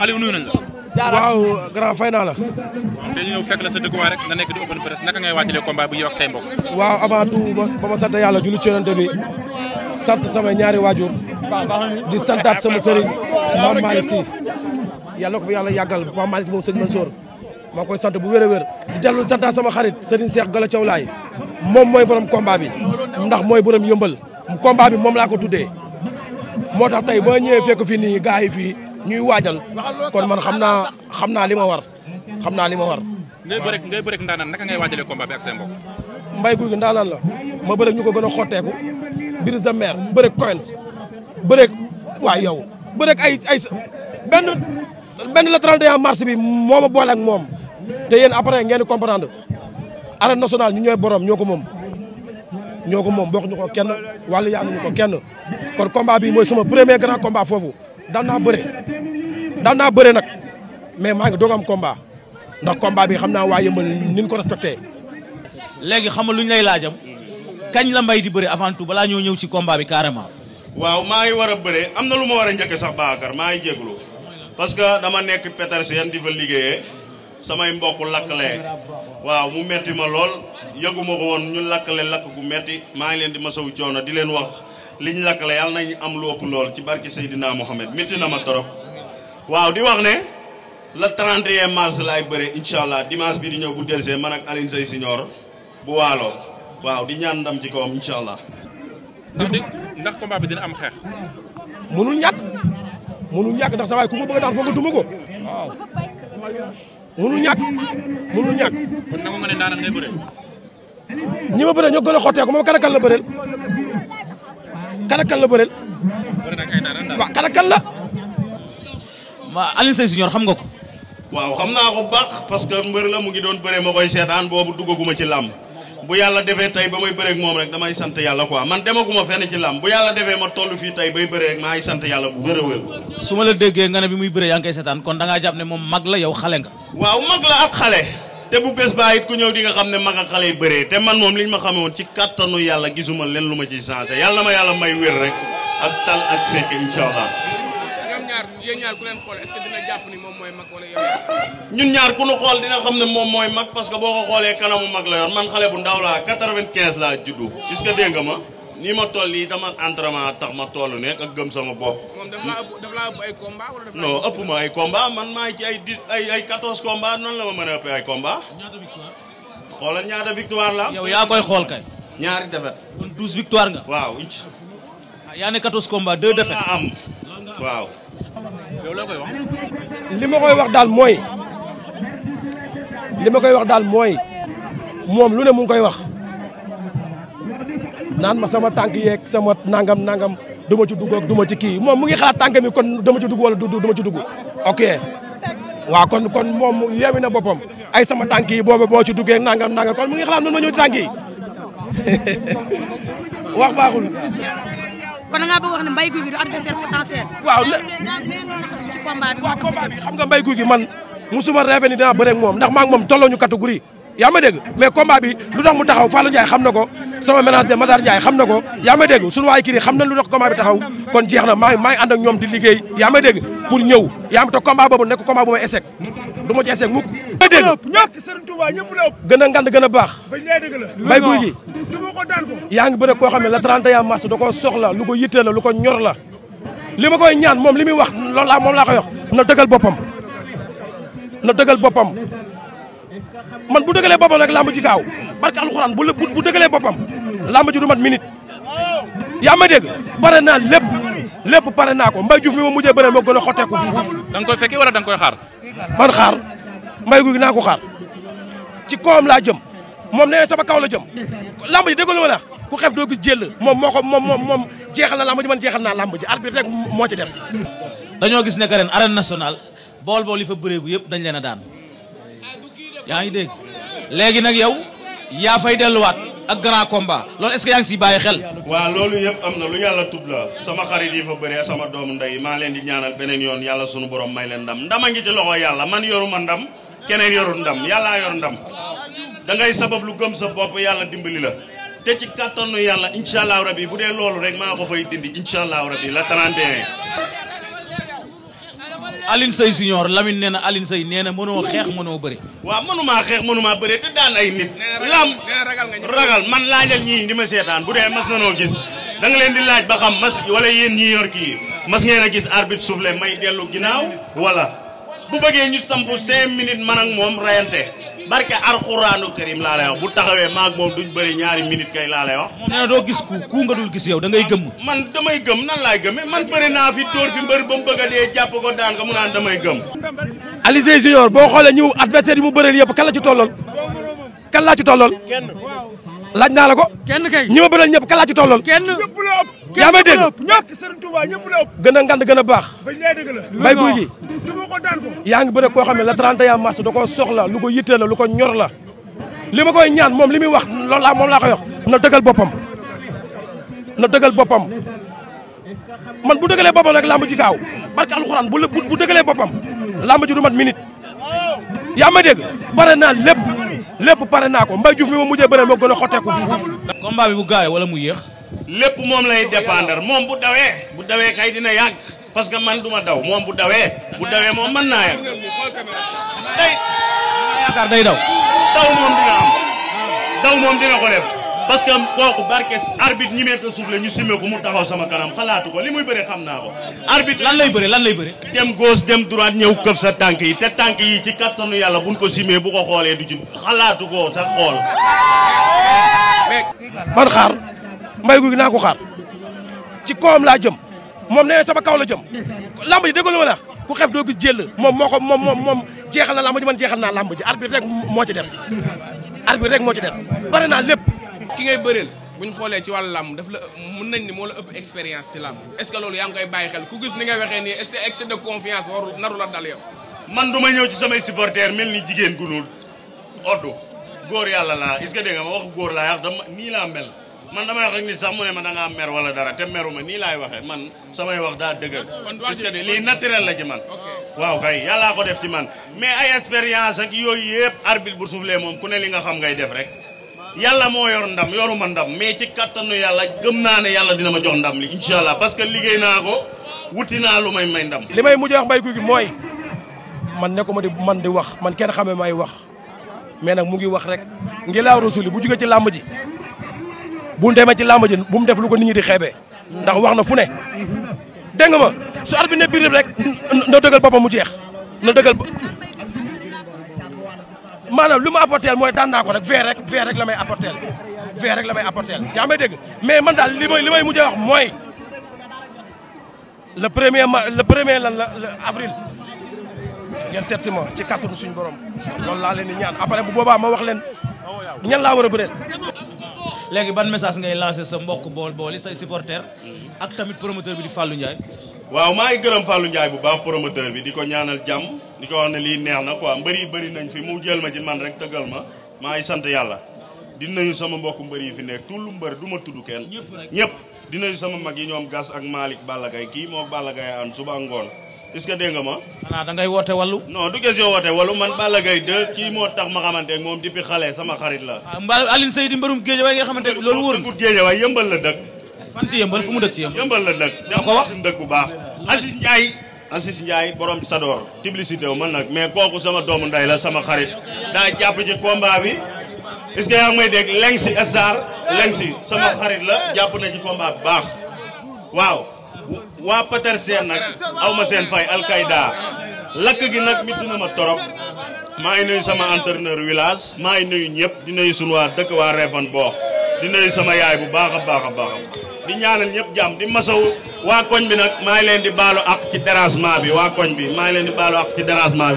Aliou nuyu nañ la. waaw grand fay naa la. dañu ñëw fekk la sa dëkkuwaay rek nga nekk di open press naka ngay waajalee combat bu yow ak say mbokk. waaw avant tout ba ma sant yàlla julli ci Yonent bi sant samay ñaari waajur di santaat sama sëriñ Mame Malick Sy yàlla ko fi yàlla yàggal Mame Malick Sy moom sëriñ Mansour maa koy sant bu wér a wér di dellu santaat sama xarit sëriñ Cheikh Gala Thiaw Laye moom mooy borom combat bi ndax mooy borom yëmbal combat bi moom laa ko tuddee moo ta tey ñuy waajal kon man xam naa xam naa li ma war xam naa li ma war. ngay bëreeg ngay bëreeg ndaanaan naka ngay waajalee combat bi ak seen mbokk. mbay guy gi ndaanaan la ma bëreeg ñu ko gën a xotteeku biir Zemmer bëreeg Coins bëreeg waaye yow bëreeg ay ay benn benn le mars bi moo ma boole ak moom te yéen après ngeen di comprendre arène nationale ñu ñooy borom ñoo ko moom. ñoo ko moom bokk ñu ko kenn wàllu yaanu ñu ko kenn kon combat bi mooy sama premier grand combat foofu. danaa naa bëre daan bëre nag mais maa ngi doog am combat ndax combat bi xam naa waa yëmbal ni ñu ko respecté. léegi xam nga lu ñu lay laajam kañ la mbay di bëre avant tout balaa ñoo ñëw si combat bi carrément. waaw maa ngi war a bëre am na lu ma war a njëkk sax Bakar maa ngi jégalu parce que dama nekk Petersen di fa liggéeye samay mbokk lakkale waaw mu metti ma lool yëgu ma woon ñu lakkale lakk gu metti maa ngi leen di ma masawu coono di leen wax. liñ lakkale yàlla nañ am lu ëpp lool ci barke Seydina Mohamed métti na ma torop waaw di wax ne la le 31 mars laay bëre incha allah dimanche bi di ñëw bu delsee man ak Alioune Seye Signor bu waaloo waaw di ñaan ndam ci kawam incha allah. ndax combat bi dina am xeex. mënul ñàkk mënul ñàkk ndax sa waay ku ma bëgg a daan foog nga duma ko waaw. mënul ñàkk mënul ñàkk. kon nangu nga ne daanaka ngay bëre. ñi ma bëre ñoo gën a xotteeku ak kan kan ak kan la bëreel. bëri na la. ma Alioune Seye xam nga ko. waaw xam naa ko baax parce que mbër la mu ngi doon bëree ma koy seetaan boobu duggaguma ci làmb bu yàlla defee tey ba may bëree moom rek damay sant yàlla ko man demaguma fenn ci làmb bu yàlla defee ma toll fii tey bay bëree rek maa ngi sant yàlla bu wér a su ma la déggee nga ne bi muy bëree yaa ngi seetaan kon da ngaa jàpp ne moom mag la yow xale nga. waaw mag la ak xale. te bu bés baa it ku ñëw di nga xam ne mag ak xale yi bëree te man moom liñ ma xamee woon ci kàttanu yàlla gisuma leen lu ma ci changé yàlla na ma yàlla may wér rek ak tal ak fekk incha allah. ñaar yéen leen xool moom mooy mag wala ñun ñaar ku ñu xool dina xam ne moom mooy mag parce que boo ko xoolee kanamu mag la yor man xale bu ndaw laa 95 laa juddu gis nga dégg nga ma. nii ma toll nii dama entraînement tax ma toll ne ak gëm sama bopp. moom daf laa ëpp daf laa ëpp ay combat noonu la ma mën a ëppee ay combat. ñaata victoire. xoolal ñaata victoire la. yow yaa koy xool kay. ñaari défaite. kon victoire nga. waaw incha. Ah, yaa ne quatorze combat deux défaite koy wax. li ma koy wax daal mooy. li ma koy wax daal mooy. moom lu ne mu koy wax. naan ma sama tànk yeeg sama nangam nangam duma ma ci dugg ak du ci kii moom mu ngi xalaat tànk mi kon dama ci dugg du ma ci dugg ok waaw kon kon moom yeewi na boppam ay sama tànk yi booba boo ci duggee nangam nangam kon mu ngi xalaat man ma ñëw ci tànk yi kon da mbay guy gi xam nga mbay guy gi man musuma rêvé ni dinaa bëre ak moom ndax maa moom tolloo ñu catégorie. yaa ma dégg mais combat bi lu tax mu taxaw Fallou Ndiaye xam na ko sama ménager Matar Ndiaye xam na ko yaa ma dégg suñu waa kii xam na lu tax combat bi taxaw kon jeex na maa ngi maa ak ñoom di liggéey yaa ma dégg pour ñëw yaa ma te combat boobu nekk combat bu may échec du ma ci échec mukk ma dégg ñëpp Serigne Touba a ngand gën a baax bay guy gi yaa ngi bëre koo xam ne la 31 mars da koo soxla lu ko yitte la lu ko ñor la li ma koy ñaan moom li muy wax loolu laa moom laa koy wax na dëggal boppam na dëggal boppam man bu dëgalee boppam rek làmb ji gaaw barke alxuraan bu bu dëgalee boppam làmb ji du mat minute yaa ma dégg pare naa lépp lépp pare naa ko mbay Diouf mi ma mujjee bëre moo gën a xotteeku fuuf. da nga koy fekkee wala da koy xaar. man xaar Mbaye Gouy naa ko xaar ci kawam laa jëm moom nee sama kaw la jëm làmb ji dégg lu ma ku xef doo gis jël moom moo moom moom moom jeexal na làmb ji man jeexal naa làmb ji moo ci des. dañoo gis ne que ren arène nationale bool bool yi fa bëreegu yëpp dañ leen a daan. yaa ngi dégg léegi nag yow yaa fay delluwaat ak grand combat loolu est-ce que yaa bàyyi xel. waaw loolu yëpp am na lu yàlla tub la sama xarit yi fa bëri sama doomu ndey maa leen di ñaanal beneen yoon yàlla sunu borom may leen ndam ndama ngi ci loxo yàlla man yoruma ndam keneen yorul ndam yàlla yor ndam da ngay sabab lu gëm sa bopp yàlla dimbali la. te ci kàttanu yàlla incha allahu rabi bu dee loolu rek maa ko fay dindi incha allahu rabi la 31. alin Seye Junior Lamine nee na alin say nee na mënoo xeex mënoo bëri. waaw mënumaa xeex mënumaa bëri te daan ay nit. lam ragal man laajal ñii di ma seetaan bu dee mas nanoo gis. danga leen di laaj ba xam mas wala yéen ñi yor kii mas ngeen a gis arbitre soufflé may dellu ginnaaw wala bu bëggee ñu sampu cinq minutes man ak moom rayante. barke alxuraanu karim laa lay wax bu taxawee maag moom duñ bëri ñaari minute kay laa lay wax. nee doo gis ku ku nga dul gis yow da ngay gëm. Ah, man damay gëm nan laay gëmee man bëri naa fi tóor fi mbër ba mu bëgg a dee jàpp ko daan ko mu naan damay gëm. Alioune Seye boo xoolee ñëw adversaire yi mu bëreel yëpp kan la ci tollool kan laa ci tollool. kenn laaj naa la ko. kenn kay ñi ma bëral ñëpp ka laa ci tolloon. kenn ñëpp la ëpp. yaa may dégg ñëpp Serigne Touba a ngand gën baax. bañ lay dëgg la bay guy gi. yaa ngi bëre koo xam ne le 31 mars da koo soxla lu ko yittee la lu ko ñor la. li ma koy ñaan moom li muy wax loolu laa moom laa wax na dëggal boppam. na dëggal boppam man bu dëggalee boppam rek làmb ji gaaw barke alxuraan bu bu dëggalee boppam làmb ji du mat minute. yaa may dégg bare naa lépp. lépp pare naa ko Mbaye Diouf mi ma mujjee bëree moo gën a xotteeku fuuf. combat bi bu gaawee wala mu yéex. lépp moom lay dépendre moom bu dawee. bu dawee kay dina yàgg. parce que man duma daw moom bu dawee. bu dawee moom mën naa yàgg. day. yaakaar day daw. daw moom dina am. ko def. parce que kooku barke arbitre ñi meet ko suuf la ñu simé ko mu taxaw sama kanam xalaatu ko li muy bëre xam naa ko. arbitre lan lay bëre lan lay bëre. dem gauche dem droite ñëw këf sa tànk yi te tànk yi ci kattanu yàlla buñ ko simé bu ko xoolee du jub xalaatu ko sa xool. man xaar mbay gu gi naa ko xaar ci koom laa jëm moom nee sama kaw la jëm lamb ji déglu ma la ku xef doo gis jël la moo ko moom moom jeexal na lamb ji man jeexal naa lamb ji rek moo ci des arbitre rek moo ci des bare naa lépp. ki ngay bëreel bu ñu xoolee ci wàllu làmb daf la mën nañ ni moo la ëpp expérience ci làmb est ce que loolu yaa ngi koy bàyyi xel ku gis ni nga waxee nii est ce que excès de confiance waru naru la dal yow. man du ma ñëw ci samay supporters mel ni jigéen gu ñu oddu góor yàlla laa est ce que dégg nga ma wax góor laa wax dama nii laa mel man damay sax mu ne ma da ngaa mer wala dara te meruma nii laay waxee man samay wax daa dëggal. Ah, est ce que de lii naturel la ci man. waaw kay yàllaa ko def ci man mais ay expérience ak yooyu yëpp arbitre bu soufflé moom ku ne li nga xam ngay def rek. yàlla moo yor ndam yoruma ndam mais ci kattanu yàlla gëm naa ne yàlla dina ma jox ndam li incha allah parce que liggéey naa ko wuti naa lu may may ndam. li may mujjee wax mbay guy gi mooy man nekkuma di man di wax man kenn xamee may wax mais nag mu ngi wax rek ngilaaw rasuli bu jugee ci làmb ji bu demee ci làmb ji bu mu def lu ko nit ñi di xeebee ndax wax na fu ne dégg nga ma su arbitre bi ne biir rek na dëggal boppam mu jeex na dëggal maanaam lu ma apporteel mooy daan naa ko rek vert rek vert rek la may apporteel vert rek la may apporteel yaa may dégg mais man daal li may li may mujjee wax mooy le premier ma le premier lan la avril ngeen seet si ma ci kàttanu suñu borom loolu laa leen di ñaan après bu boobaa ma wax leen ñan laa war a bëreel léegi ban message ngay lancé sa mbokk bool bool yi say supporter ak tamit promoteur bi di Fallou Ndiaye waaw maa ngi gërëm Fallou Ndiaye bu baax promoteur bi di ko ñaanal jàmm di ko wax ne lii neex na quoi mbëri bëri nañ fi mu jël ma ci man rek tëggal ma maa ngi sant yàlla di nuyu sama mbokk mbëri yi fi nekk tullu mbër du ma tudd kenn ñëpp di nuyu sama mag yi ñoom gas ak Malick Balla Gaye kii moo Balla Gaye an suba ngoon est-ce ma xanaa da ngay woote wallu noo du question woote wallu man Balla Gaye 2 kii moo tax ma xamante moom depuis xale sama xarit la ah, Aline Seydi mbërum géejawaay nga xamante loolu wóor géejawaay yëmbal la dëkk fan ci yëmbal fu mu dëkk ci yëmbal. yëmbal la dëkk. da ko wax dëkk bu baax. Assis Ndiaye. Assis Ndiaye borom Sador. si wu man nag mais kooku sama doomu nday la sama xarit daa jàpp ci combat bi est-ce que yaa may dégg leng si Sar leng si sama xarit la jàpp na ci combat bu baax waaw. waa Pater seen nag aw ma seen fay alkayda lakk gi nag mitti na ma torop maa ngi nuyu sama entraîneur village maa ngi nuyu ñëpp di nuyu sunu waa dëkk waa Réfane boox di nuyu sama yaay bu baax a baax a baax di ñaanal ñëpp jàmm di masaw waa koñ bi nag maa ngi leen di baalo ak ci dérangement bi waa koñ bi maa ngi leen di baalu ak ci dérangement bi